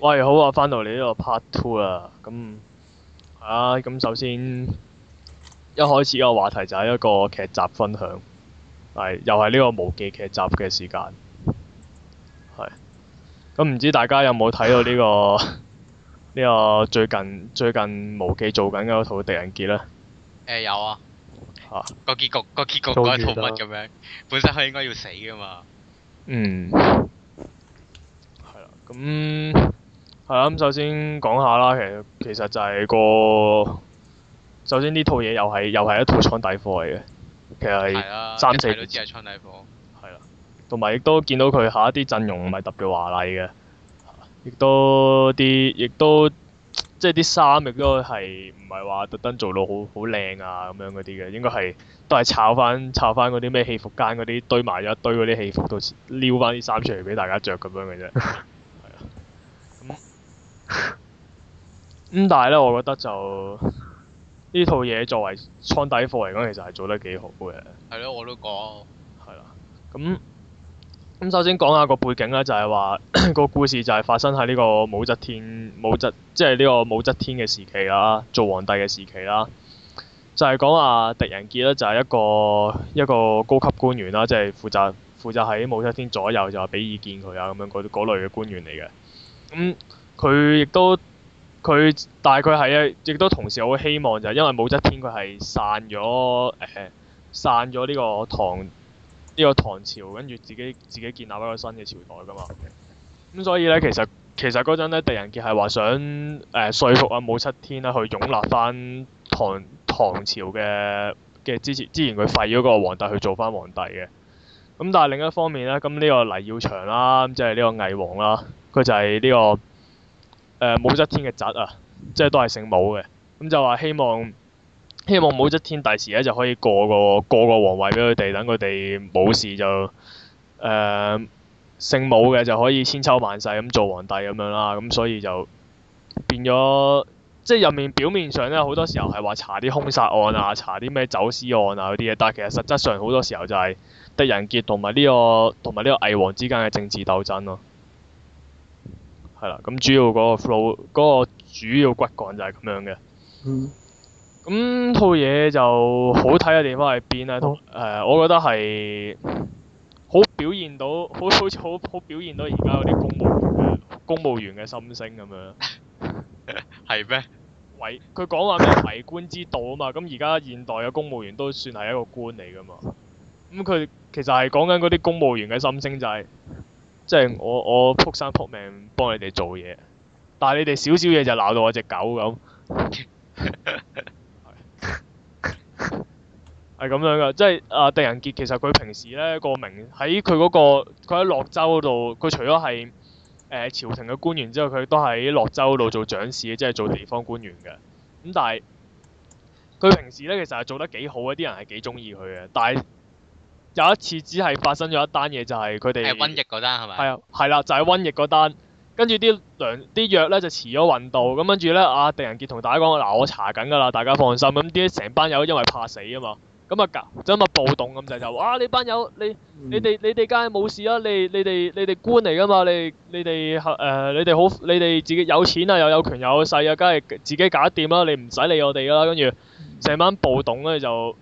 喂，好啊，翻到嚟呢個 part two 啊，咁係啊，咁首先一開始個話題就係一個劇集分享，係又係呢個無綫劇集嘅時間，係咁唔知大家有冇睇到呢個，呢個最近最近無綫做緊嘅嗰套《狄仁傑》咧？誒有啊，嚇、個結局、個結局改套乜咁樣？本身佢應該要死嘅嘛嗯。嗯，係、嗯、啦，咁。係啊，咁、嗯、首先講下啦，其實其實就係個首先呢套嘢又係又係一套倉底貨嚟嘅，其實三了四次都只係倉底貨。係啦。同埋亦都見到佢下一啲陣容唔係特別華麗嘅，亦都啲亦都即係啲衫亦都係唔係話特登做到好好靚啊咁樣嗰啲嘅，應該係都係炒翻炒翻嗰啲咩戲服間嗰啲堆埋一堆嗰啲戲服到，撩翻啲衫出嚟俾大家着咁樣嘅啫。 咁、嗯、但係咧，我覺得就呢套嘢，作為倉底貨嚟講，其實係做得幾好嘅。係咯，我都講係啦。咁咁、嗯嗯、首先講下個背景啦，就係話個故事就係發生喺呢個武則天武則即係呢個武則天嘅時期啦，做皇帝嘅時期啦。就係、是、講啊，狄仁傑咧就係一個一個高級官員啦，即係負責負責喺武則天左右就話俾意見佢啊，咁樣嗰嗰類嘅官員嚟嘅咁。嗯佢亦都佢，大概係係啊，亦都同時好希望就係因為武則天佢係散咗誒、呃，散咗呢個唐呢、這個唐朝，跟住自己自己建立一個新嘅朝代噶嘛。咁所以咧，其實其實嗰陣咧，狄仁傑係話想誒、呃、說服啊武則天啦，去擁立翻唐唐朝嘅嘅之前之前佢廢咗嗰個皇帝去做翻皇帝嘅。咁、嗯、但係另一方面咧，咁、嗯、呢、這個黎耀祥啦，即係呢個魏王啦，佢就係呢、這個。呃、武則天嘅侄啊，即係都係姓武嘅，咁、嗯、就話希望希望武則天第時咧就可以過個過個皇位俾佢哋，等佢哋冇事就誒、呃、姓武嘅就可以千秋萬世咁做皇帝咁樣啦，咁、嗯、所以就變咗即係入面表面上咧好多時候係話查啲兇殺案啊，查啲咩走私案啊嗰啲嘢，但係其實實質上好多時候就係狄仁傑同埋呢個同埋呢個魏王之間嘅政治鬥爭咯、啊。係啦，咁主要嗰個 flow，嗰個主要骨幹就係咁樣嘅。嗯。咁套嘢就好睇嘅地方係邊啊？通誒、嗯呃，我覺得係好表現到，好好似好好表現到而家嗰啲公務員，公務員嘅心聲咁樣。係咩 嗎？圍佢講話咩為官之道啊嘛！咁而家現代嘅公務員都算係一個官嚟噶嘛。咁佢其實係講緊嗰啲公務員嘅心聲就係、是。即係我我仆生仆命幫你哋做嘢，但係你哋少少嘢就鬧到我隻狗咁，係 咁樣㗎。即係啊，狄仁傑其實佢平時咧個名喺佢嗰個，佢喺洛州嗰度，佢除咗係誒朝廷嘅官員之外，佢都喺洛州度做長史，即係做地方官員嘅。咁、嗯、但係佢平時咧，其實係做得幾好嘅，啲人係幾中意佢嘅。但係有一次只係發生咗一單嘢，就係佢哋係瘟疫嗰單係咪？係、就係、啊，係啦，就係瘟疫嗰單，跟住啲糧啲藥咧就遲咗運到，咁跟住咧，阿狄仁傑同大家講：嗱、啊，我查緊㗎啦，大家放心。咁啲成班友因為怕死啊嘛，咁啊搞，就咁、係、啊暴動咁就就話：啊，你班友你你哋你哋梗係冇事啊！你你哋你哋官嚟㗎嘛，你你哋誒、呃、你哋好你哋自己有錢啊，又有，有權有勢啊，梗係自己搞掂啦，你唔使理我哋啦。跟住成班暴動咧就，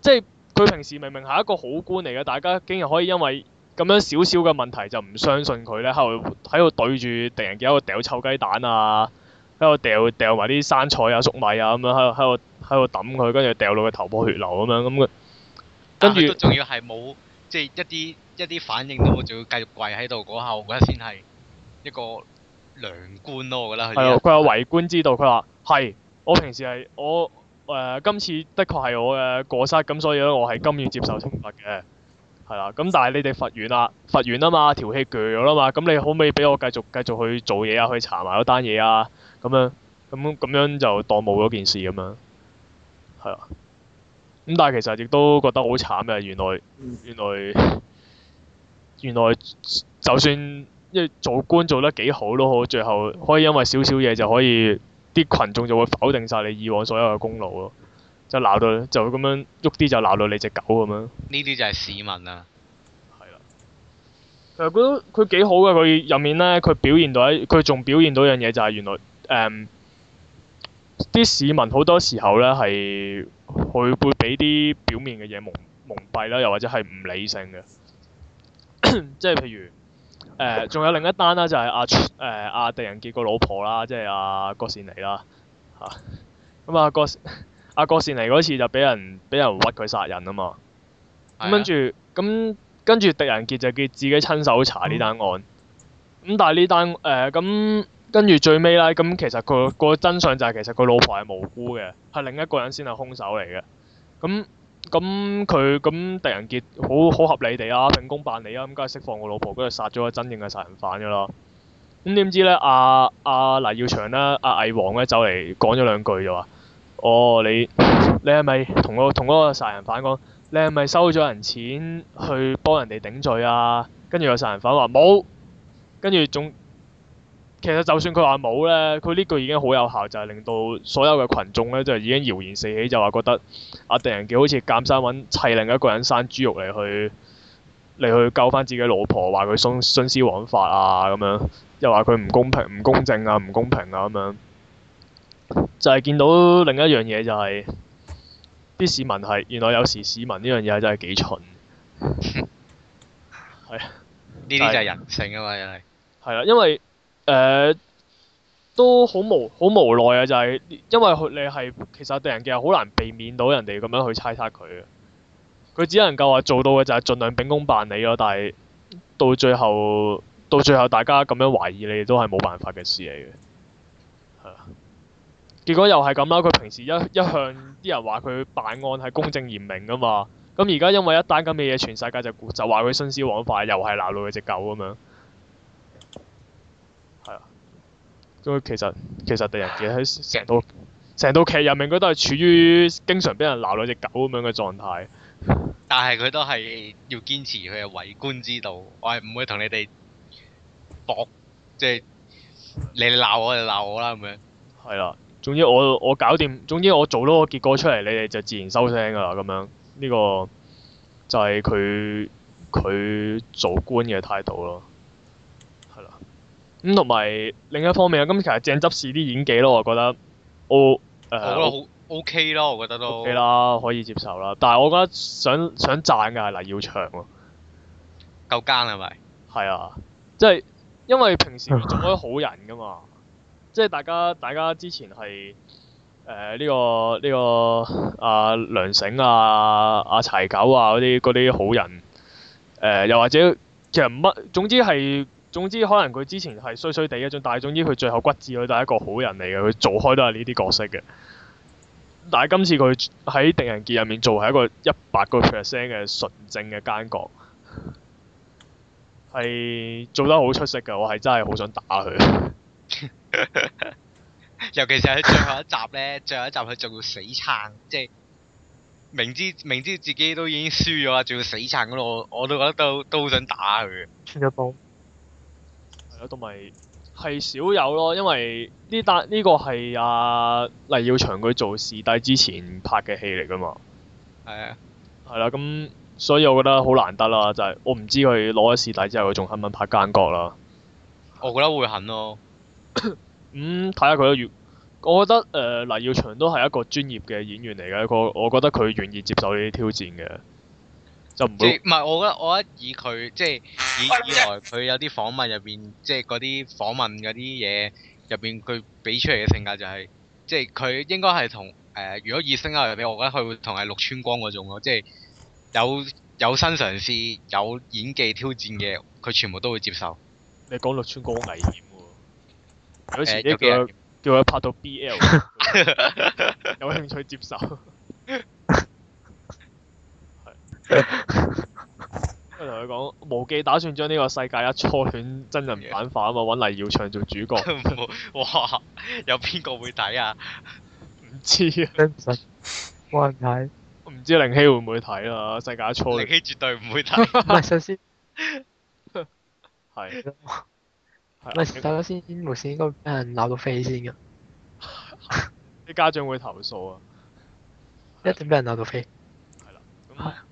即係。佢平時明明係一個好官嚟嘅，大家竟然可以因為咁樣少少嘅問題就唔相信佢咧，喺度喺度對住敵人嘅喺度掉臭雞蛋啊，喺度掉掉埋啲生菜啊、粟米啊咁、啊、樣喺度喺度喺度抌佢，跟住掉落佢頭破血流咁樣咁嘅，跟住仲要係冇即係一啲一啲反應都冇，仲要繼續跪喺度嗰下，我覺得先係一個良官咯、啊，我覺得佢係。佢有為官之道。佢話：係我平時係我。呃、今次的確係我嘅過失，咁所以咧我係甘願接受懲罰嘅，係啦。咁但係你哋罰完啦，罰完啊嘛，條氣攰咗啦嘛。咁你可唔可以畀我繼續繼續去做嘢啊？去查埋嗰單嘢啊，咁樣咁咁樣就當冇嗰件事咁樣，係啊。咁但係其實亦都覺得好慘嘅，原來原來原來就算一做官做得幾好都好，最後可以因為少少嘢就可以。啲群眾就會否定晒你以往所有嘅功勞咯，就鬧到就咁樣喐啲就鬧到你隻狗咁樣。呢啲就係市民啊。係啦。其實佢都佢幾好嘅，佢入面咧，佢表現到喺佢仲表現到一樣嘢就係、是、原來誒。啲、嗯、市民好多時候咧係佢會俾啲表面嘅嘢蒙蒙蔽啦，又或者係唔理性嘅，即係、 就是、譬如。誒，仲、呃、有另一單啦、啊，就係阿誒阿狄仁傑個老婆啦，即係阿郭善妮啦嚇。咁啊，郭阿郭善妮嗰、啊啊、次就俾人俾人屈佢殺人啊嘛。咁、啊、跟住咁、嗯、跟住狄仁傑就叫自己親手查呢單案。咁、嗯、但係、呃、呢單誒咁跟住最尾啦。咁其實個、佢個真相就係其實佢老婆係無辜嘅，係另一個人先係兇手嚟嘅。咁、嗯咁佢咁狄仁傑好好合理哋啊，秉公辦理啊，咁梗係釋放我老婆，跟住殺咗個真正嘅殺人犯噶啦。咁點知咧？阿阿、啊啊、黎耀祥咧，阿、啊、魏王咧，走嚟講咗兩句就話：“哦，你你係咪同個同個殺人犯講？你係咪收咗人錢去幫人哋頂罪啊？”跟住個殺人犯話：“冇，跟住仲。其實就算佢話冇呢，佢呢句已經好有效，就係令到所有嘅群眾呢，就係已經謠言四起，就話覺得阿狄仁傑好似貪生揾砌另一個人生豬肉嚟去，嚟去救翻自己老婆，話佢徇徇私枉法啊咁樣，又話佢唔公平、唔公正啊、唔公平啊咁樣，就係見到另一樣嘢就係，啲市民係原來有時市民呢樣嘢真係幾蠢。係呢啲就係人性啊嘛，又係。係啊，因為。誒、uh, 都好無好無奈啊！就係、是、因為你係其實狄仁傑嘅，好難避免到人哋咁樣去猜測佢嘅。佢只能夠話做到嘅就係盡量秉公辦理咯，但係到最後，到最後大家咁樣懷疑你都係冇辦法嘅事嚟嘅。係啊，結果又係咁啦！佢平時一一向啲人話佢辦案係公正嚴明噶嘛，咁而家因為一單咁嘅嘢，全世界就就話佢徇私枉法，又係鬧怒佢隻狗咁樣。咁其實其實狄仁傑喺成套成套劇入面，佢都係處於經常俾人鬧兩隻狗咁樣嘅狀態。但係佢都係要堅持佢嘅為官之道，我係唔會同你哋搏，即係你鬧我就鬧我啦咁樣。係啦，總之我我搞掂，總之我做到個結果出嚟，你哋就自然收聲㗎啦咁樣。呢個就係佢佢做官嘅態度咯。咁同埋另一方面啊，咁其實鄭則仕啲演技咯，我覺得 O 好 O K 咯，我覺得都 O K 啦，可以接受啦。但係我覺得想想讚㗎係黎耀祥喎，夠奸係咪？係啊，即、就、係、是、因為平時做開好人㗎嘛， 即係大家大家之前係誒呢個呢、這個阿梁醒啊、阿、啊啊、柴九啊嗰啲嗰啲好人，誒、呃、又或者其實乜總之係。總之可能佢之前係衰衰地一種，但係總之佢最後骨子裏都係一個好人嚟嘅，佢做開都係呢啲角色嘅。但係今次佢喺《狄仁傑》入面做係一個一百個 percent 嘅純正嘅奸角，係做得好出色嘅。我係真係好想打佢。 尤其是喺最後一集呢。最後一集佢仲要死撐，即係明知明知自己都已經輸咗啊，仲要死撐咁咯。我都覺得都都好想打佢嘅。 啊，同埋係少有咯，因為呢單呢個係阿、啊、黎耀祥佢做視帝之前拍嘅戲嚟㗎嘛。係是啊，啊。係啦，咁所以我覺得好難得啦，就係、是、我唔知佢攞咗視帝之後佢仲肯唔肯拍奸角啦我、 嗯看看。我覺得會肯咯。咁睇下佢都願，我覺得黎耀祥都係一個專業嘅演員嚟嘅，個我覺得佢願意接受呢啲挑戰嘅。即唔係，我覺得我覺得以佢，即係以以來佢有啲訪問入邊，即係嗰啲訪問嗰啲嘢入邊，佢俾出嚟嘅性格就係、是、即係佢應該係同誒、呃、如果以性格嚟比，我覺得佢會同係陸川光嗰種咯，即係有有新嘗試有演技挑戰嘅，佢全部都會接受。你講陸川光好危險喎、哦呃，有時呢個叫佢拍到 BL， 有興趣接受。 佢同佢講，無忌打算將呢個世界一初選真人版化啊嘛，揾黎耀祥做主角。哇，有邊個會睇啊？唔知啊，冇人睇。唔知凌希會唔會睇啊，世界一初，凌希絕對唔會睇。唔係首先，係，唔係首先無線應該俾人鬧到飛先噶，啲家長會投訴啊，一定俾人鬧到飛。係啦，咁。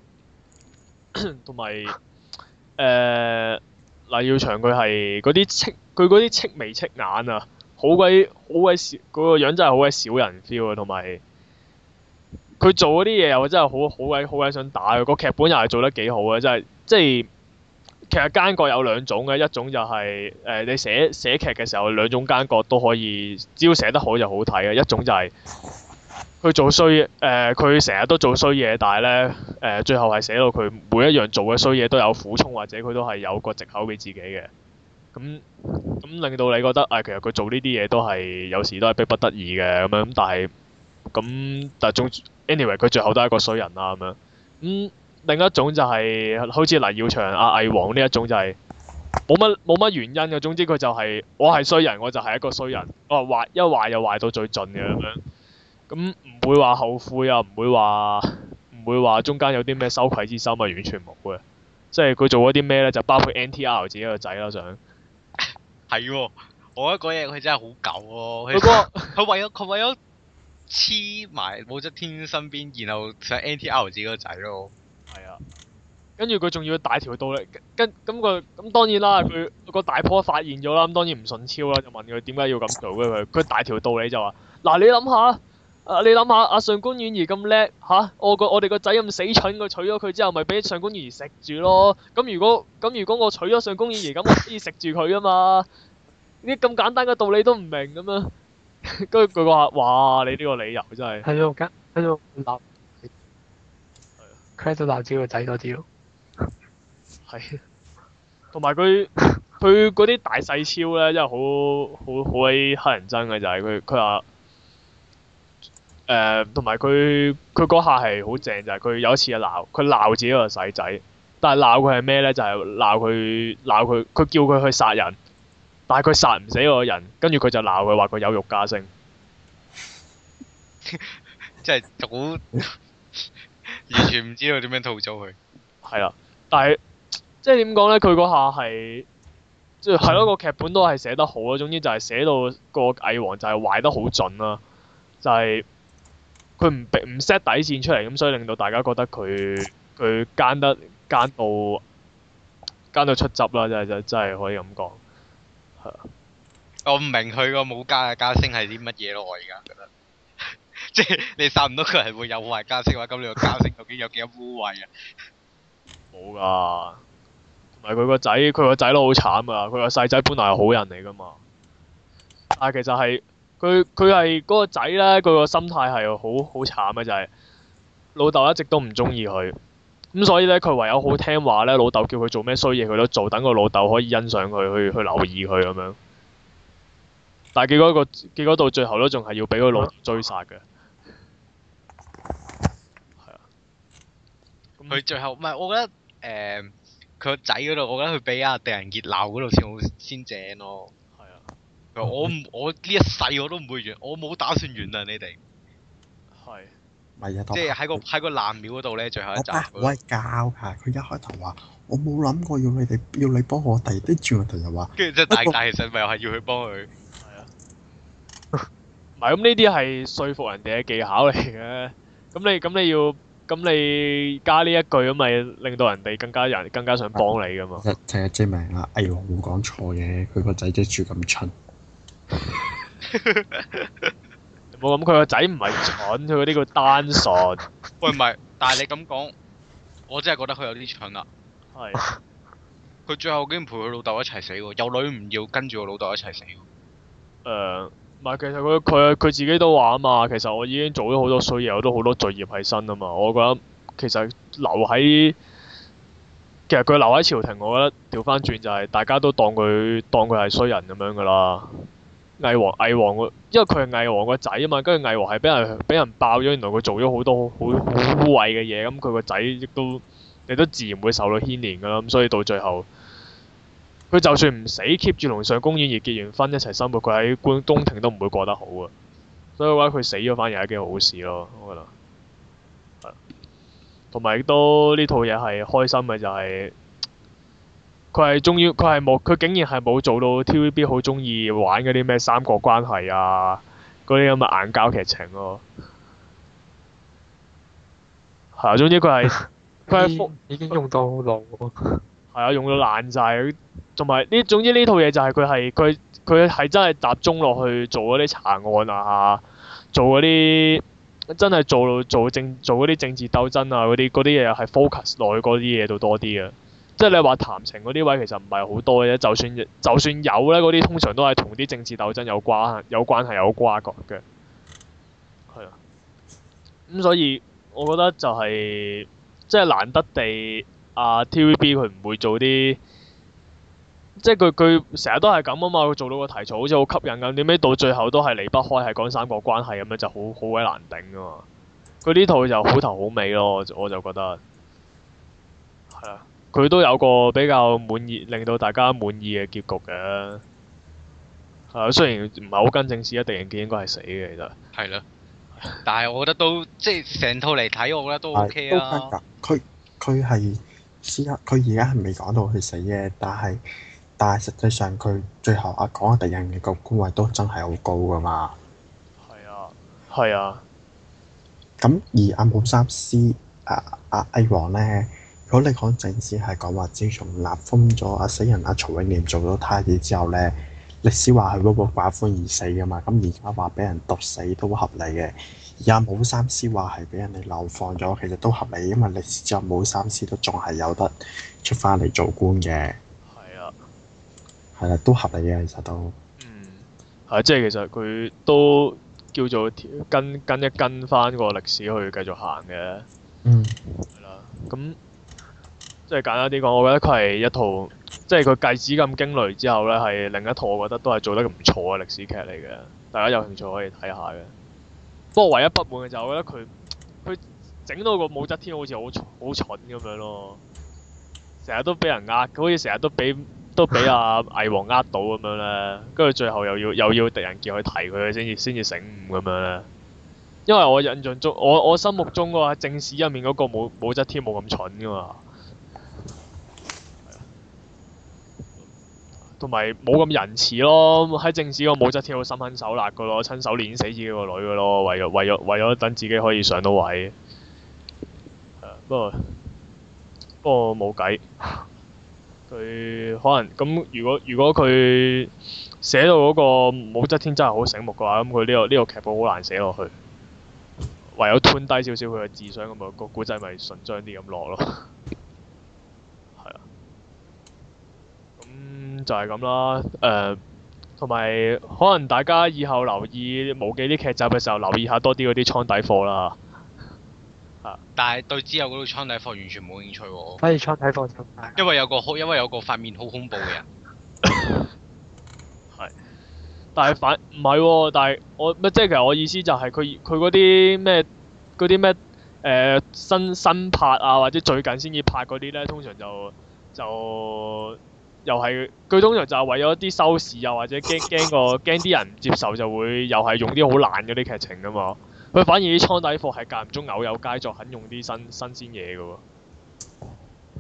同埋，誒，黎、 呃、耀祥佢係嗰啲戚，佢嗰啲戚眉戚眼啊，好鬼好鬼少，嗰個樣真係好鬼少人 feel 啊，同埋，佢做嗰啲嘢又真係好好鬼好鬼想打啊，個劇本又係做得幾好嘅，真係。即係，其實奸角有兩種嘅，一種就係、是，誒、呃，你寫寫劇嘅時候，兩種奸角都可以，只要寫得好就好睇啊。一種就係、是。佢做衰嘢，佢成日都做衰嘢，但係咧誒，最後係寫到佢每一樣做嘅衰嘢都有苦衷，或者佢都係有個藉口俾自己嘅。咁、嗯、咁、嗯、令到你覺得，誒、呃、其實佢做呢啲嘢都係有時都係逼不得已嘅咁樣，但係咁但係總之，anyway 佢最後都係一個衰人啦咁樣。咁、嗯、另一種就係好似黎耀祥、阿、啊、魏王呢一種就係冇乜冇乜原因嘅，總之佢就係、是、我係衰人，我就係一個衰人，我係壞一壞就壞到最盡嘅咁樣。咁唔會話後悔啊！唔會話唔會話中間有啲咩羞愧之心啊！完全冇嘅，即係佢做咗啲咩咧？就包括 NTR 自己個仔啦，想係喎，我覺得嗰嘢佢真係好狗咯。佢佢為咗佢 為咗黐埋武則天身邊，然後想 NTR 自己個仔咯。係啊，跟住佢仲要大條道理，跟咁佢，咁當然啦，佢個大婆發現咗啦，咁當然唔順超啦，就問佢點解要咁做嘅佢。佢大條道理就話：嗱，你諗下。啊！你諗下，阿上官婉兒咁叻嚇，我個我哋個仔咁死蠢，佢娶咗佢之後，咪俾上官婉兒食住咯？咁如果咁如果我娶咗上官婉兒，咁我可以食住佢啊嘛？呢啲咁簡單嘅道理都唔明咁啊！跟住佢話：哇！你呢個理由真係係咯，跟跟住鬧，係啊，喺度鬧自己個仔多啲咯。係同埋佢佢嗰啲大細超咧，真係好好好鬼乞人憎嘅，就係佢佢話。誒，同埋佢佢嗰下係好正，就係佢有一次啊，鬧，佢鬧自己個細仔，但係鬧佢係咩呢？就係鬧佢鬧佢，佢叫佢去殺人，但係佢殺唔死嗰個人，跟住佢就鬧佢話佢有辱家聲 啊，即係早完全唔知道點樣吐槽佢。係、就是、啦，但係即係點講呢？佢嗰下係即係係咯，個劇本都係寫得好咯。總之就係寫到個魏王就係壞得好準啦、啊，就係、是，佢唔唔 set 底線出嚟，咁所以令到大家覺得佢佢奸得奸到奸到出汁啦！真係真真係可以咁講。我唔明佢個冇家嘅家聲係啲乜嘢咯？我而家覺得。即 係你殺唔到佢係會有壞家聲嘅話，咁 你個家聲究竟有幾污穢啊？冇㗎。同埋佢個仔，佢個仔都好慘啊！佢個細仔本來係好人嚟噶嘛。但係其實係。佢佢係嗰個仔呢。佢個心態係好好慘嘅，就係、是、老豆一直都唔中意佢，咁所以呢，佢唯有好聽話呢。老豆叫佢做咩衰嘢，佢都做，等個老豆可以欣賞佢，去去留意佢咁樣。但係結果個結果到最後都仲係要俾個老豆追殺嘅。係啊、嗯。佢最後唔係，我覺得誒，佢個仔嗰度，我覺得佢俾阿狄仁傑鬧嗰度先好，先正咯。我唔我呢一世我都唔會完，我冇打算完啦，你哋係，咪啊，即係喺個喺個爛廟嗰度咧，最後一集，我係教噶，佢一開頭話我冇諗過要你哋要你幫我，但係啲主角就話，跟住即係但但其實咪又係要去幫佢，係啊，唔係咁呢啲係說服人哋嘅技巧嚟嘅，咁你咁你要咁你加呢一句咁咪令到人哋更加人更加想幫你噶嘛，一聽 Jame 啊，哎唷冇講錯嘢，佢個仔即係住咁蠢。冇諗，佢個仔唔係蠢，佢啲叫單純。喂，唔係，但係你咁講，我真係覺得佢有啲蠢啦，啊。係。佢最後竟然陪佢老豆一齊死喎，有女唔要跟住個老豆一齊死。誒，呃，唔係，其實佢佢佢自己都話啊嘛，其實我已經做咗好多衰嘢，我都好多罪孽喺身啊嘛。我覺得其實留喺，其實佢留喺朝廷，我覺得調翻轉就係大家都當佢當佢係衰人咁樣噶啦。魏王魏王因為佢係魏王個仔啊嘛，跟住魏王係俾人俾人爆咗，原來佢做咗好多好好污穢嘅嘢，咁佢個仔亦都亦都自然會受到牽連噶啦，咁所以到最後，佢就算唔死，keep 住同上官婉兒結完婚一齊生活，佢喺宮廷都唔會過得好啊，所以話，佢死咗反而係一件好事咯，我覺得，係，同埋亦都呢套嘢係開心嘅就係、是。佢係終於，佢係冇，佢竟然係冇做到 T V B 好中意玩嗰啲咩三角關係啊，嗰啲咁嘅硬膠劇情咯、啊。係、啊，總之佢係佢係已經用到好耐。係啊，用到爛晒，同埋呢，總之呢套嘢就係佢係佢佢係真係集中落去做嗰啲查案啊，做嗰啲真係做做政做嗰啲政治鬥爭啊，嗰啲嗰啲嘢係 focus 落去嗰啲嘢度多啲啊。即係你話談情嗰啲位其實唔係好多嘅，就算就算有咧，嗰啲通常都係同啲政治鬥爭有關有關係有瓜葛嘅。係啊。咁、嗯、所以我覺得就係即係難得地啊 TVB 佢唔會做啲，即係佢佢成日都係咁啊嘛，佢做到個題材好似好吸引咁，點解到最後都係離不開係講三角關係咁樣就好好鬼難頂啊嘛！佢呢套就好頭好尾咯，我就覺得。係啊。佢都有個比較滿意，令到大家滿意嘅結局嘅。係啊，雖然唔係好跟正史，啊狄仁傑應該係死嘅，其實。係咯。但係我覺得都即係成套嚟睇，我覺得都 OK 啊。佢佢係此刻佢而家係未講到佢死嘅，但係但係實際上佢最後啊講啊狄仁傑個官位都真係好高㗎嘛。係啊。係啊。咁而阿武三思啊啊阿、啊、王咧。如果你講正史係講話，自從立封咗阿死人阿曹永年做咗太子之後咧，歷史話係鬱鬱寡歡而死噶嘛。咁而家話俾人毒死都合理嘅。而家武三思話係俾人哋流放咗，其實都合理，因為歷史之後武三思都仲係有得出翻嚟做官嘅。係啊，係啦，都合理嘅，其實都嗯係、啊、即係其實佢都叫做跟跟一跟翻個歷史去繼續行嘅。嗯，係啦、啊，咁。即係簡單啲講，我覺得佢係一套，即係佢繼子咁驚雷之後呢，係另一套，我覺得都係做得唔錯嘅歷史劇嚟嘅。大家有興趣可以睇下嘅。不過唯一不滿嘅就係我覺得佢佢整到個武則天好似好好蠢咁樣咯，成日都俾人呃，好似成日都俾都俾阿魏王呃到咁樣呢。跟住最後又要又要狄仁傑去提佢先至先至醒悟咁樣呢。因為我印象中，我我心目中個正史入面嗰個武武則天冇咁蠢噶嘛。同埋冇咁仁慈咯，喺正史個武則天好心狠手辣噶咯，親手捏死自己個女噶咯，為咗為咗為咗等自己可以上到位。啊，不過不過冇計，佢可能咁，如果如果佢寫到嗰個武則天真係好醒目嘅話，咁佢呢個呢個劇本好難寫落去。唯有吞低少少佢嘅智商咁啊，個古仔咪順張啲咁落咯。就係咁啦，誒、呃，同埋可能大家以後留意冇記啲劇集嘅時候，留意下多啲嗰啲倉底貨啦。啊、但係對之後嗰啲倉底貨完全冇興趣喎、哦。反而倉底貨因為有個好，因為有個發面好恐怖嘅人。但係反唔係喎？但係、哦、我即係其實我意思就係佢佢嗰啲咩嗰啲咩誒新新拍啊，或者最近先至拍嗰啲呢，通常就就。又係，佢通常就係為咗一啲收視，又或者驚驚個驚啲人唔接受，就會又係用啲好爛嗰啲劇情㗎嘛。佢反而啲倉底貨係間唔中偶有佳作，肯用啲新新鮮嘢㗎喎。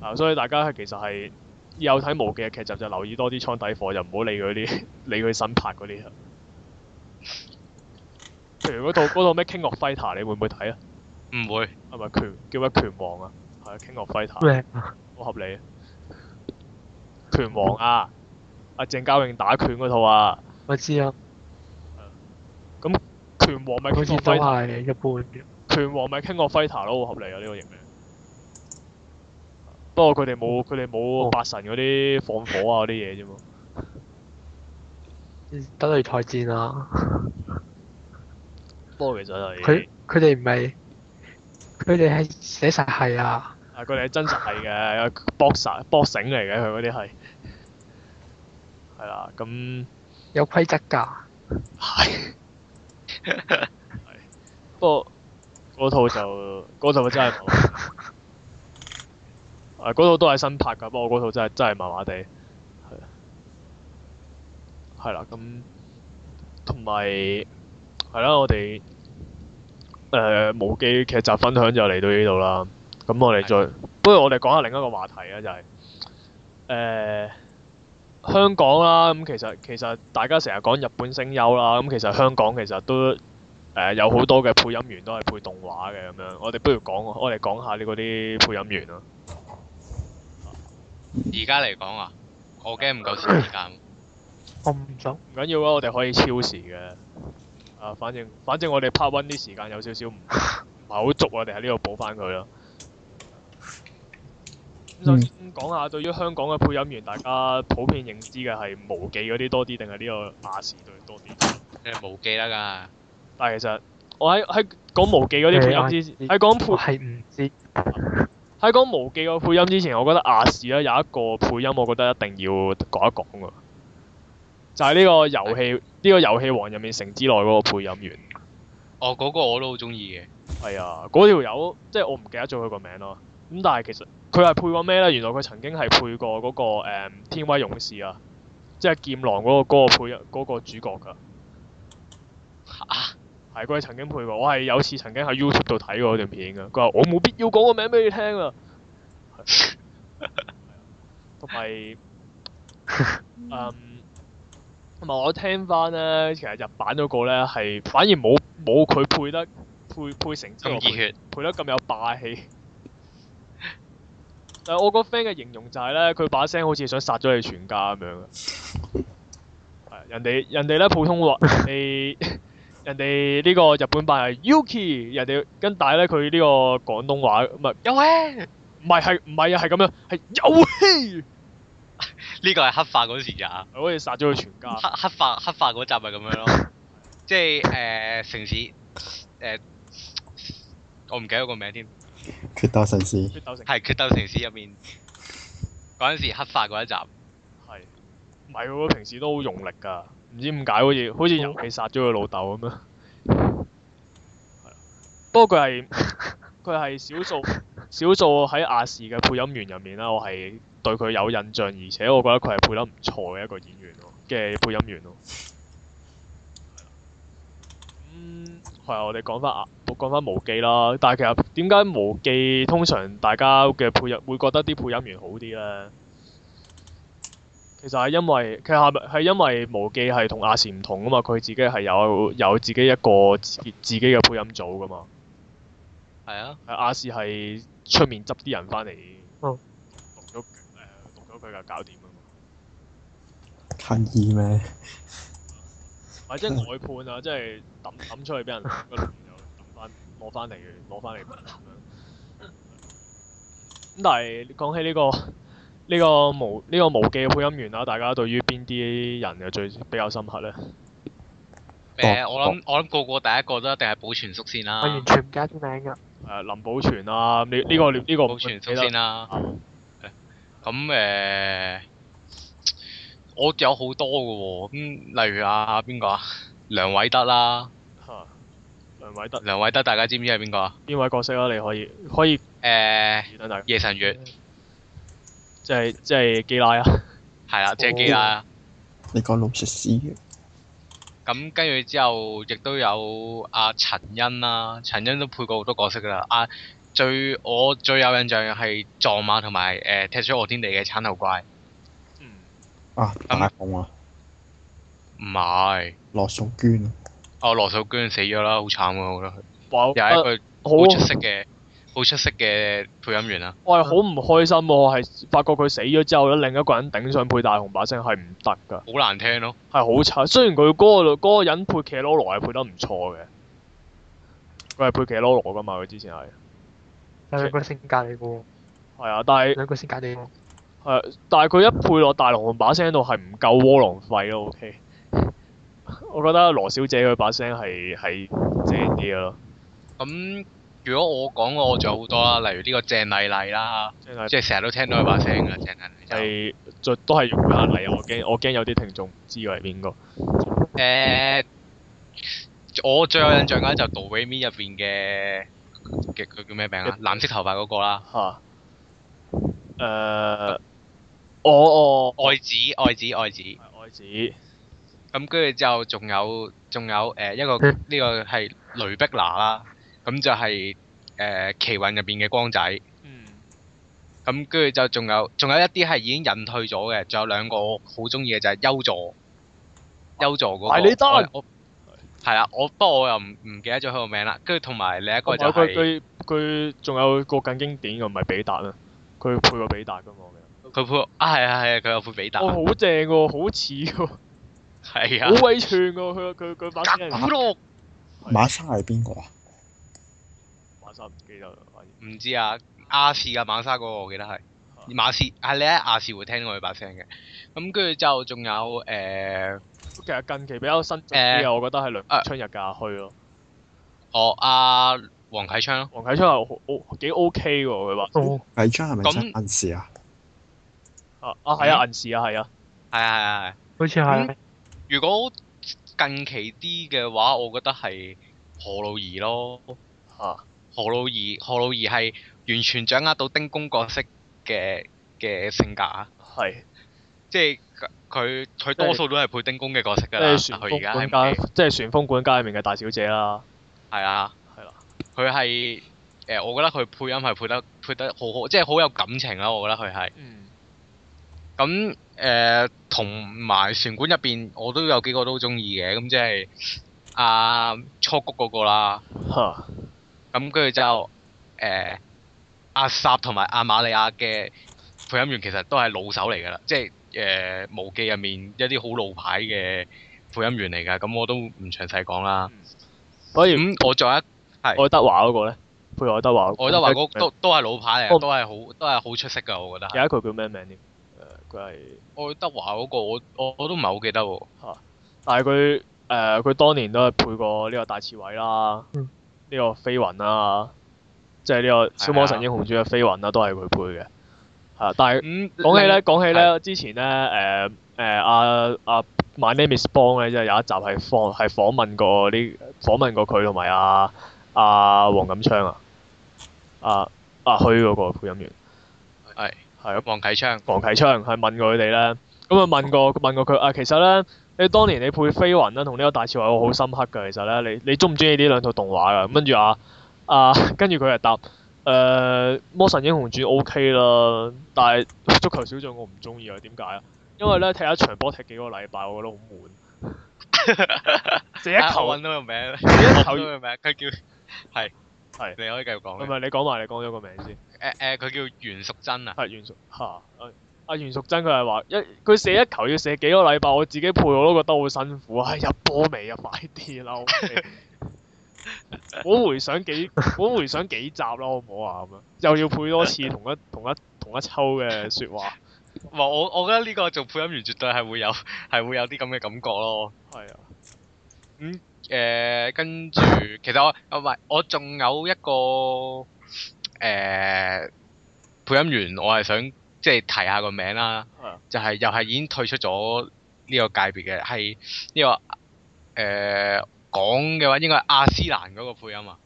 啊，所以大家其實係有睇無記嘅劇集就留意多啲倉底貨，就唔好理嗰啲理佢新拍嗰啲。譬如嗰套咩《King of Fighter》你會唔會睇啊？唔會，係咪拳叫咩拳王啊？係《King of Fighter》好合理。拳王啊！阿鄭嘉穎打拳嗰套啊，我知啊。咁拳王咪佢同 Fighter 一般，拳王咪傾個 Fighter 咯，合理啊呢、這個型嘅。嗯、不過佢哋冇佢哋冇八神嗰啲放火啊嗰啲嘢啫嘛。等嚟台戰啊！不過其實係佢佢哋唔係，佢哋係寫實係啊。啊！佢哋係真實係嘅，box 搏、er，殺、搏醒嚟嘅，佢嗰啲係，係啦咁。有規則㗎。係。係。不過，嗰套就嗰套真係冇。 啊！嗰套都係新拍㗎，不過嗰套真係真係麻麻地。係。係啦，咁同埋係啦，我哋誒冇記劇集分享就嚟到呢度啦。咁我哋再，的不如我哋講下另一個話題啊，就係、是，誒、呃，香港啦，咁、嗯、其實其實大家成日講日本聲優啦，咁、嗯、其實香港其實都，誒、呃、有好多嘅配音員都係配動畫嘅咁樣，我哋不如講我哋講下呢嗰啲配音員啊。而家嚟講啊，我驚唔夠時間。我唔想 想？唔緊要啊，我哋可以超時嘅。啊，反正反正我哋 part one 啲時間有少少唔唔係好足，我哋喺呢度補翻佢咯。首先講下對於香港嘅配音員，大家普遍認知嘅係無記嗰啲多啲，定係呢個亞視對多啲？誒無記啦㗎，但係其實我喺喺講無記嗰啲配音之前，喺、嗯、講配音係唔知。喺講無記個配音之前，我覺得亞視咧有一個配音，我覺得一定要講一講㗎。就係、是、呢個遊戲呢的個遊戲王入面城之內嗰個配音員。哦，嗰、那個我都好中意嘅。係啊，嗰條友即係我唔記得咗佢個名咯。咁但係其實佢係配過咩呢？原來佢曾經係配過嗰個 um, 天威勇士啊，即係劍狼嗰個嗰個配嗰個主角㗎。嚇！係佢曾經配過。我係有次曾經喺 YouTube 度睇過段片㗎。佢話我冇必要講個名俾你聽啊。同埋，同埋我聽翻呢，其實日版嗰個咧係反而冇冇佢配得配配成咁熱血、就係、配，配得咁有霸氣。但我個 friend 嘅形容就係咧，佢把聲好似想殺咗你全家咁樣嘅。係 人哋人哋咧普通話，人哋呢個日本版係 Yuki，人哋跟但係咧佢呢個廣東話唔係有咩嘿？唔係係唔係啊，係咁樣係有咩？呢個係黑化嗰陣時咋，好似殺咗佢全家。黑黑化黑化嗰集咪咁樣咯， 即係誒、呃、城市誒、呃，我唔記得個名添。決鬥城市，係決鬥城市入面嗰陣 時黑髮嗰一集，係，咪佢平時都好用力噶，唔知點解好似好似遊戲，殺咗佢老豆咁樣。不過佢係佢係少數少數喺亞視嘅配音員入面啦，我係對佢有印象，而且我覺得佢係配得唔錯嘅一個演員咯，嘅配音員咯。 嗯係啊、 嗯，我哋講翻啊，講翻無記啦。但係其實點解無記通常大家嘅配音會覺得啲配音員好啲呢？其實係因為其實係因為無記係同亞視唔同㗎嘛，佢自己係有有自己一個自自己嘅配音組噶嘛。係啊。係亞視係出面執啲人翻嚟。嗯。讀咗佢嘅稿點啊嘛。睇見咩？啊、即係外判啊，即係抌抌出去俾人，跟住又攞翻嚟，攞翻嚟咁咁但係講起呢、這個呢、這個這個無呢、這個無記嘅配音員啦、啊，大家對於邊啲人又最比較深刻咧？誒、啊，我諗我諗個個第一個都一定係保全叔先啦、啊。我完全唔記得名㗎。誒，林保全啊，呢、這、呢個呢、這個保全叔先啦、啊。咁誒、啊。我有好多嘅喎、哦，咁例如阿邊個啊，梁偉德啦、啊，梁偉德，梁偉德大家知唔知係邊個啊？邊位角色啊？你可以，可以，誒、欸，大家夜神月，即係即係基拉啊，係啦、啊，即係基拉，你講老食屎咁，跟住之後，亦都有阿陳欣啦，陳欣、啊、都配過好多角色噶啦。阿、啊、最我最有印象係藏馬同埋誒踢出我天地嘅鏟頭怪。啊！大雄啊，唔係羅素娟啊！哦，羅素娟死咗啦，好慘啊！我覺得佢，又係哇一個好出色嘅好出色嘅配音員啊！我係好唔開心、啊，我係發覺佢死咗之後咧，另一個人頂上配大雄把聲係唔得噶，好難聽咯、啊。係好慘，雖然佢嗰、嗰個、嗰個人配奇羅羅係配得唔錯嘅，佢係配奇羅羅噶嘛，佢之前係，但係兩個性格嚟嘅喎。係啊，但係兩個性格嚟。 誒，uh, 但係佢一配落大龍紅把聲度係唔夠窩囊廢咯，OK？ 我覺得羅小姐佢把聲係係正啲嘅咯。咁、嗯、如果我講過，我仲有好多啦，例如呢個鄭麗麗啦，即係成日都聽到佢把聲嘅鄭麗麗。係，最都係用佢行嚟啊！我驚，我驚有啲聽眾唔知佢係邊個。誒、呃，我最有印象嘅就面面《杜拜咪》入邊嘅嘅佢叫咩名啊？呃、藍色頭髮嗰個啦、啊。嚇、啊。誒、呃。哦哦，愛子愛子愛子，愛子。咁跟住之後，仲、 嗯、有仲有誒一個呢個係、呃、雷碧娜啦，咁就係誒奇雲入邊嘅光仔。咁跟住就仲有仲有一啲係已經隱退咗嘅，仲有兩個我好中意嘅就係優座，優座嗰個。係李係啊，我，我，啊我不過我又唔唔記得咗佢個名啦。跟住同埋另一個就係、是。佢佢仲有個更經典嘅，唔係比達啦。佢配個比達噶嘛？我記得佢配啊，係啊係啊，佢、啊、又配比達。哇、哦！好正喎，好似喎。係啊。好威串喎！佢佢佢把聲係唔落。馬莎係邊個啊？馬莎唔、那個、記得啦。唔知啊，亞視啊，馬莎嗰個我記得係。馬莎係你喺亞視會聽過佢把聲嘅。咁跟住就仲有誒，呃、其實近期比較新啲嘅、呃，我覺得係春日嘅阿區咯。哦啊！啊啊啊黃啟昌，黃啟昌係幾 OK 喎。佢話啟昌係咪銀時啊？啊啊係啊，銀時啊，係啊，係啊係啊係。好似係。如果近期啲嘅話，我覺得係何璐怡咯。吓，何璐怡，何璐怡係完全掌握到丁公角色嘅嘅性格啊。係，即係佢佢多數都係配丁公嘅角色噶啦。佢而家即係旋風管家入面嘅大小姐啦。係啊。佢係誒，我覺得佢配音係配得配得好好，即係好有感情啦。我覺得佢係。咁誒同埋船管入邊，我都有幾個都好中意嘅，咁即係阿初谷嗰個啦。咁跟住就誒、呃、阿薩同埋阿瑪利亞嘅配音員，其實都係老手嚟噶啦，即係誒無記入面一啲好老牌嘅配音員嚟噶，咁我都唔詳細講啦。嗯。所以咁，我作為一。愛德華嗰個咧，配愛德華。愛德華嗰都都係老牌嚟，都係好都係好出色噶。我覺得。有一佢叫咩名添？誒，佢係愛德華嗰個，我我我都唔係好記得喎。但係佢誒，佢當年都係配過呢個大刺蝟啦，呢個飛雲啦，即係呢個《超魔神英雄傳》嘅飛雲啦，都係佢配嘅嚇。但係五講起咧，講起咧，之前咧，誒誒阿阿 My Name Is Bond 咧，即係有一集係訪係訪問過呢，訪問過佢同埋阿。阿、啊、黃錦昌啊，啊，阿虛嗰個配音員，係係啊，黃、那個、啟昌，黃啟昌係問過佢哋咧，咁啊問過問過佢啊，其實咧你當年你配飛雲咧，同呢個大師話我好深刻噶，其實咧你你中唔中意呢兩套動畫噶？跟住啊啊，跟住佢就答誒、呃《魔神英雄傳》O K 啦，但係《足球小將》我唔中意啊，點解啊？因為咧 踢一場波踢幾個禮拜，我覺得好悶。即一球揾、 啊、到個名， 這一球揾到個名，佢叫。 係係是你可以繼續講，唔係你講埋，你講咗個名先。誒誒、啊，佢、啊、叫袁淑珍啊。阿袁淑吓，阿、啊、袁淑珍佢係話一佢射一球要射幾個禮拜，我自己配我都覺得好辛苦啊、哎！入波未啊，快啲啦！Okay、 我回想幾 我回想幾集咯， 好唔好啊？咁啊，又要配多次同一同一同一，同一抽嘅說話。 我我，我覺得呢個做配音員絕對係會有係會有啲咁嘅感覺咯。係啊。嗯。誒、呃，跟住其實我唔係，我仲有一個誒、呃、配音員，我係想即係提下個名啦，Yeah. 就係又係已經退出咗呢個界別嘅，係呢、這個誒講嘅話應該係亞斯蘭嗰個配音啊，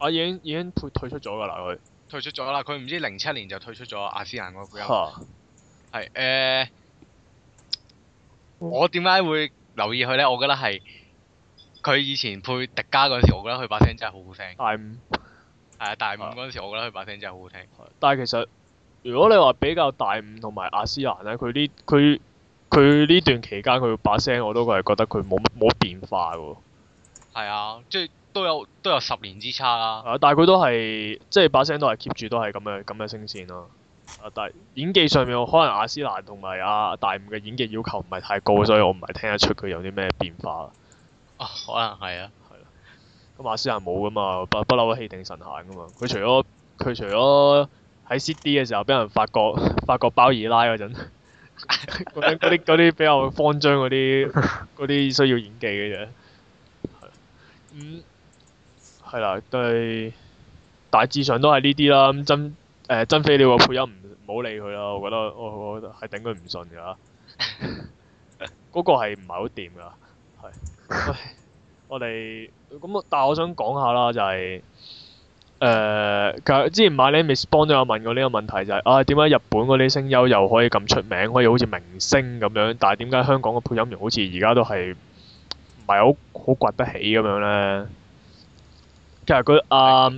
我已經已經退退出咗噶啦佢，退出咗啦，佢唔知零七年就退出咗亞斯蘭個配音，係誒 Huh.、呃，我點解會留意佢咧？我覺得係。佢以前配迪迦嗰時，我覺得佢把聲真係好好聽。大五，係啊，大五嗰陣時，啊、我覺得佢把聲真係好好聽。但係其實，如果你話比較大五同埋亞斯蘭咧，佢呢佢佢呢段期間佢把聲，我都係覺得佢冇冇變化喎。係啊，即係都有都有十年之差啦、啊啊就是啊。啊，但係佢都係即係把聲都係 keep 住都係咁嘅咁嘅聲線咯。啊，但係演技上面，我可能亞斯蘭同埋啊大五嘅演技要求唔係太高，所以我唔係聽得出佢有啲咩變化。可能係啊，係啦、啊。咁馬斯蘭冇㗎嘛，不不嬲都氣定神閒㗎嘛。佢除咗佢除咗喺 C D 嘅時候俾人發覺發覺包二奶嗰陣，嗰啲啲比較慌張嗰啲啲需要演技嘅啫。嗯，係啦，對，大致上都係呢啲啦。咁曾，誒、呃、曾飛你個配音唔好理佢啦，我覺得我我係頂佢唔順㗎。嗰 個係唔係好掂㗎？ 我哋咁，但係我想講下啦，就是，就係誒，其實之前馬你 Miss 幫咗我問過呢個問題，就是，就係啊，點解日本嗰啲聲優又可以咁出名，可以好似明星咁樣，但係點解香港嘅配音員好似而家都係唔係好好掘得起咁樣咧？其實佢阿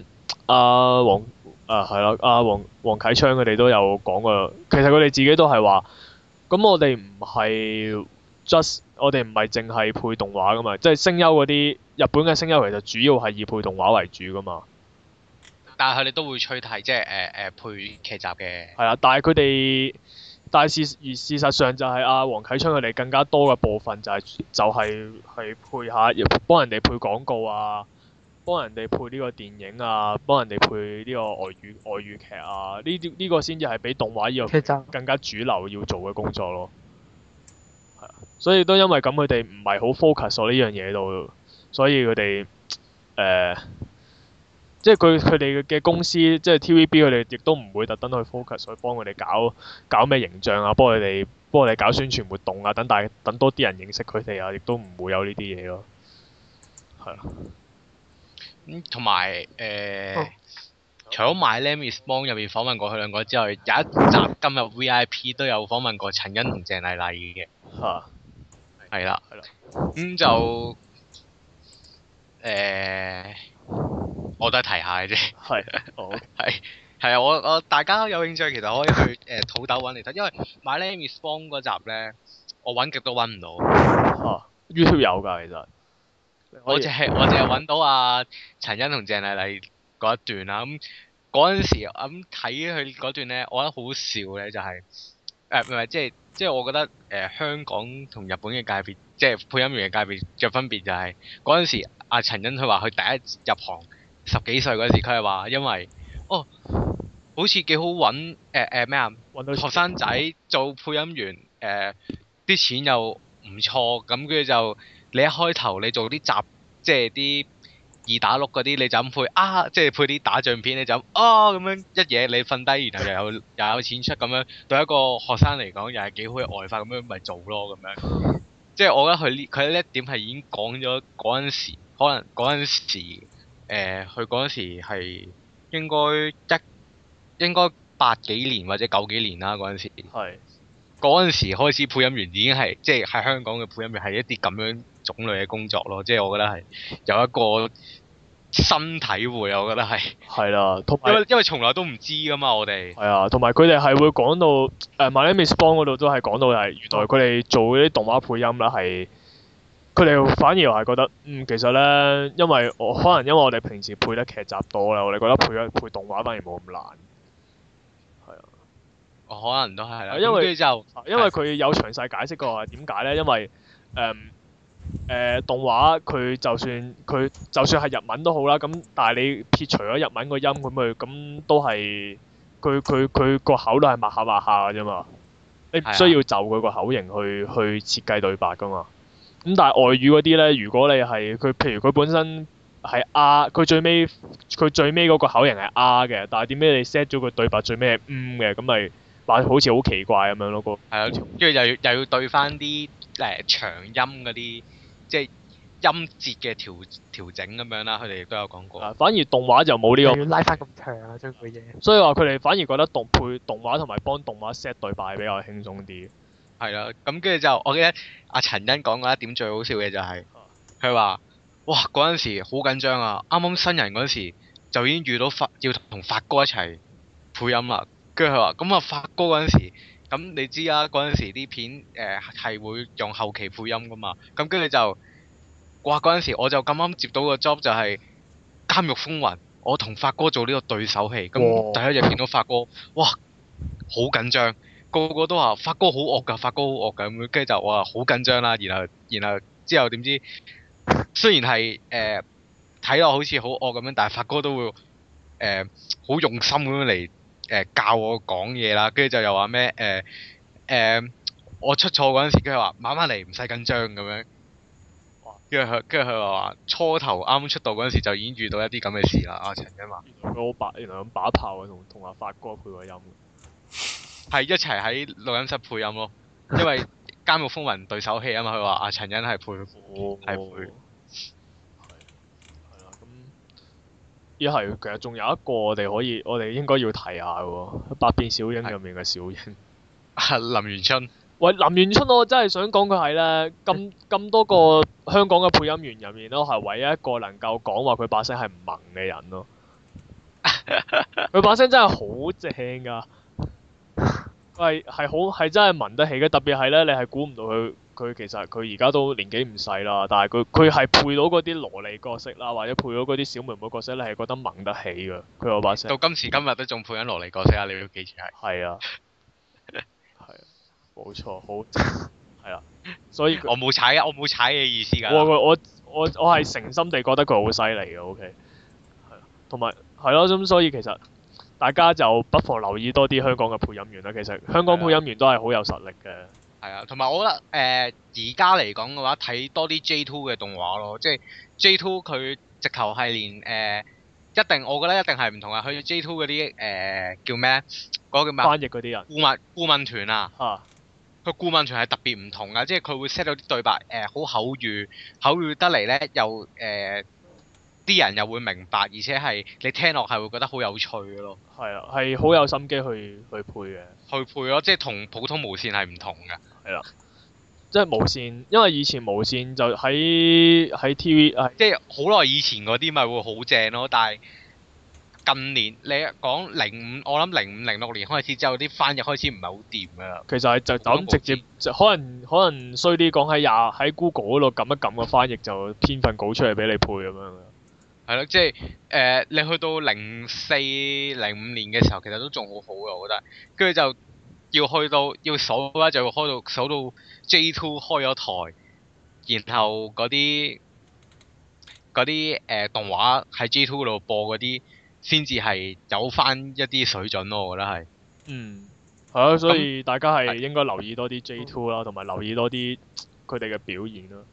阿黃啊係啦，阿黃黃啟昌佢哋都有講過，其實佢哋自己都係話，咁我哋唔係。just 我哋唔係淨係配動畫噶嘛，即係聲優嗰啲日本嘅聲優其實主要係以配動畫為主噶嘛。但係佢哋都會吹替，即係誒誒配劇集嘅。係啊，但係佢哋，但係事事實上就係阿黃啟昌佢哋更加多嘅部分就係就係係配下幫人哋配廣告啊，幫人哋配呢個電影啊，幫人哋配呢個外語外語劇啊，呢啲呢個先至係比動畫呢個更加主流要做嘅工作咯。所以都因為咁，佢哋唔係好 focus 喺、啊、呢樣嘢度，所以佢哋誒，即係佢佢哋嘅公司，即係 TVB，佢哋亦都唔會特登去 focus 去幫佢哋搞搞咩形象啊，幫佢哋幫佢哋搞宣傳活動啊，等大等多啲人認識佢哋啊，亦都唔會有呢啲嘢咯。係咯、啊。同埋誒，呃啊、除咗 my lemis 幫入面訪問過佢兩個之外，有一集今日 VIP 都有訪問過陳欣同鄭麗麗嘅。啊。係啦，係啦，咁、嗯、就誒、欸，我都係提下嘅啫。係的，好，係，係啊！我我大家都有興趣，其實可以去誒、欸、土豆揾嚟睇，因為《My Name is Bond》嗰集咧，我揾極都揾唔到。哦，YouTube 原來有㗎，其實。我淨只係我淨係揾到阿、啊、陳欣同鄭麗麗嗰一段啦。咁嗰陣時咁睇佢嗰段咧，我覺得好笑咧、就係欸，就係誒唔係即係。即係我覺得誒、呃、香港同日本嘅界別，即係配音員嘅界別嘅分別就係嗰陣時，阿陳欣佢話佢第一入行十幾歲嗰時，佢係話因為哦，好似幾好揾誒誒咩啊，揾、呃、學、呃、生仔做配音員誒，啲、呃、錢又唔錯，咁跟住就你一開頭你做啲雜，即係啲。二打六嗰啲你就咁配啊，即係配啲打仗片你就啊咁樣、哦、樣一嘢你瞓低，然後又，又有又有錢出咁樣。對一個學生嚟講，又係幾好嘅外快，咁樣咪做咯咁樣，即係我覺得佢呢佢呢一點係已經講咗嗰陣時，可能嗰陣時誒，佢嗰陣時係應該一應該八幾年或者九幾年啦嗰陣時。係是。嗰陣時開始配音員已經係即係喺香港嘅配音員，係一啲咁樣。種類嘅工作咯，即係我覺得係有一個新體會啊！我覺得係係啦，因為因為從來都唔知㗎嘛，我哋係啊，同埋佢哋係會講到誒《My Little Pony》嗰度都係講到，係原來佢哋做嗰啲動畫配音啦，係佢哋反而係覺得嗯，其實呢，因為我可能因為我哋平時配得劇集多啦，我哋覺得配咗配動畫反而冇咁難係啊，我可能都係啦，跟住就因為佢有詳細解釋過點解呢，因為誒。誒、呃、動畫佢就算佢就算係日文都好啦，咁但係你撇除咗日文個音咁咪咁都係佢佢佢個口都係擘下擘下嘅啫嘛，你唔需要就佢個口型去去設計對白噶嘛。咁但係外語嗰啲咧，如果你係佢，譬如佢本身係 R，佢最尾佢最尾嗰個口型係 R 嘅，但係點解你 set 咗個對白最尾係嗯嘅？咁咪話好似好奇怪咁樣咯，個係啊，跟住、嗯、又要又要對翻啲誒長音嗰啲。即係音節嘅調調整咁樣啦，佢哋亦都有講過。反而動畫就冇呢個。拉翻咁長啊，張鬼嘢。所以話佢哋反而覺得動配動畫同埋幫動畫 set 對白比較輕鬆啲。係啦、啊，咁跟住就我記得阿陳欣講過一點最好笑嘅就係，佢話、啊：哇，嗰陣時好緊張啊！啱啱新人嗰陣時就已經遇到發要同發哥一齊配音啦。跟住佢話：咁啊，發哥嗰陣時。咁你知啊，嗰陣時啲片誒係、呃、會用後期配音㗎嘛，咁跟住就，哇，嗰陣時我就咁啱接到個 job 就係《監獄風雲》，我同發哥做呢個對手戲，咁第一日見到發哥，哇，好緊張，個個都話發哥好惡㗎，發哥好惡㗎咁，跟住就哇好緊張啦，然後然後之後點知雖然係誒睇落好似好惡咁樣，但係發哥都會誒好、呃、用心咁樣嚟。誒教我講嘢啦，跟住就又話咩誒誒，我出錯嗰陣時，佢話慢慢嚟，唔使緊張咁樣。跟住佢，跟住佢話話初頭啱出道嗰陣時就已經遇到一啲咁嘅事啦。阿、啊、陳欣話，啊，佢好把，原來咁把炮同同阿發哥配個音。係一齊喺錄音室配音咯，因為監獄風雲對手戲，嗯、啊嘛，佢話阿陳欣係配，係，哦、配。哦哦哦一係其實仲有一個我哋可以，我哋應該要提下喎，百變小櫻入面嘅小櫻的， 林元春。喂，林元春我真係想講佢係咧，咁咁多個香港嘅配音員入面咧，係唯一一個能夠講話佢把聲係唔萌嘅人咯、喔。佢 把聲真係、啊、好正㗎，係係好係真係萌得起嘅，特別係咧你係估唔到佢。佢其實佢而家都年紀唔細啦，但係佢佢係配到嗰啲羅莉角色啦，或者配到嗰啲小妹妹角色，你係覺得萌得起㗎？佢嗰把聲到今時今日都仲配緊羅莉角色啊！你要記住係。係啊，係 啊，冇錯，好係 啊，所以我冇踩啊！我冇踩嘅意思㗎。我我我我係誠心地覺得佢好犀利㗎。OK，係啊，同埋係咯，咁、啊、所以其實大家就不妨留意多啲香港嘅配音員啦。其實香港配音員都係好有實力嘅。係啊，同埋我覺得誒而家嚟講嘅話，睇多啲 J2 嘅動畫咯，即係 J2 佢直頭係連誒、呃、一定，我覺得一定係唔同啊。佢 J2 嗰啲誒叫咩？嗰、嗰個、叫咩？翻譯嗰啲人顧問顧問團啊，佢、啊、顧問團係特別唔同嘅，即係佢會 set 到啲對白誒，好、呃、口語，口語得嚟咧又誒。呃啲人又會明白，而且係你聽落係會覺得好有趣嘅咯。係啊，係好有心機去、嗯、去配嘅。去配咯，即係同普通無線係唔同嘅，係啦、啊。即係無線，因為以前無線就喺喺 TV，即係好耐以前嗰啲咪會好正咯。但係近年你講零五，我諗零五零六年開始之後，啲翻譯開始唔係好掂噶啦。其實係就等直接，可能可能衰啲講喺廿喺 Google 嗰度撳一撳個翻譯就編份稿出嚟俾你配咁樣。係咯，即係誒、呃，你去到零四零五年嘅時候，其實都仲好好嘅，我覺得。跟住就要去到要守嘅話，就要開到守到 J Two 開咗台，然後嗰啲嗰啲誒動畫喺 J Two 度播嗰啲，先至係有返一啲水準咯，我覺得係。嗯，係啊。所以大家係應該留意多啲 J Two 啦，同埋、嗯、留意多啲佢哋嘅表現咯。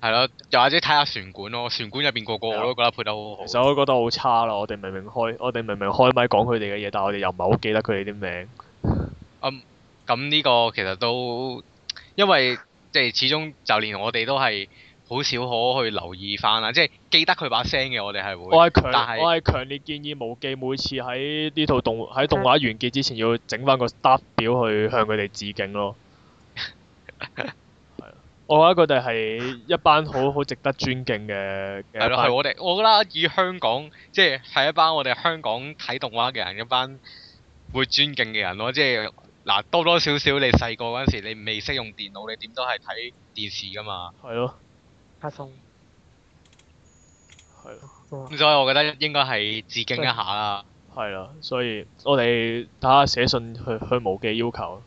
係咯，又或者睇下船館咯，船館入邊個個我都覺得配得好好。其實我都覺得好差啦，我哋明明開，我哋明明開咪講佢哋嘅嘢，但係我哋又唔係好記得佢哋啲名。嗯，咁呢個其實都，因為即係、就是、始終就連我哋都係好少可去留意翻啦，即、就、係、是、記得佢把聲嘅我哋係會。我係強，是我係強烈建議無記每次喺呢套動喺動畫完結之前要整翻個 staff 表去向佢哋致敬咯。 我覺得佢哋係一班好好值得尊敬嘅。係咯，係我哋，我覺得以香港，即係係一班我哋香港睇動畫嘅人一班，會尊敬嘅人咯。即係嗱，多多少少你細個嗰陣時，你未識用電腦，你點都係睇電視㗎嘛。係咯了。卡通。係。咁所以我覺得應該係致敬一下啦。係啦，所以我哋睇下寫信去去無記要求，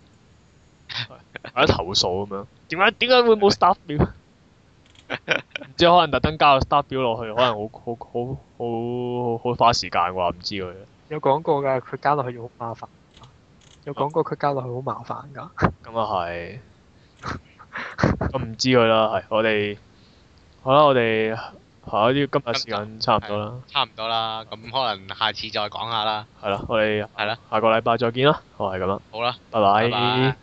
或者 投訴咁樣。點解點解會冇 star 表？唔知可能特登加個 star 表落去，可能好好好好好好花時間啩，唔知佢。有講過噶，佢加落去好麻煩。有講過佢加落去好麻煩噶。咁啊係。咁唔知佢啦，係我哋好啦，我哋吓呢今日時間差唔多啦。差唔多啦，咁可能下次再講下啦。係啦，我哋係啦，下個禮拜再見啦，好係咁啦。好啦，拜拜。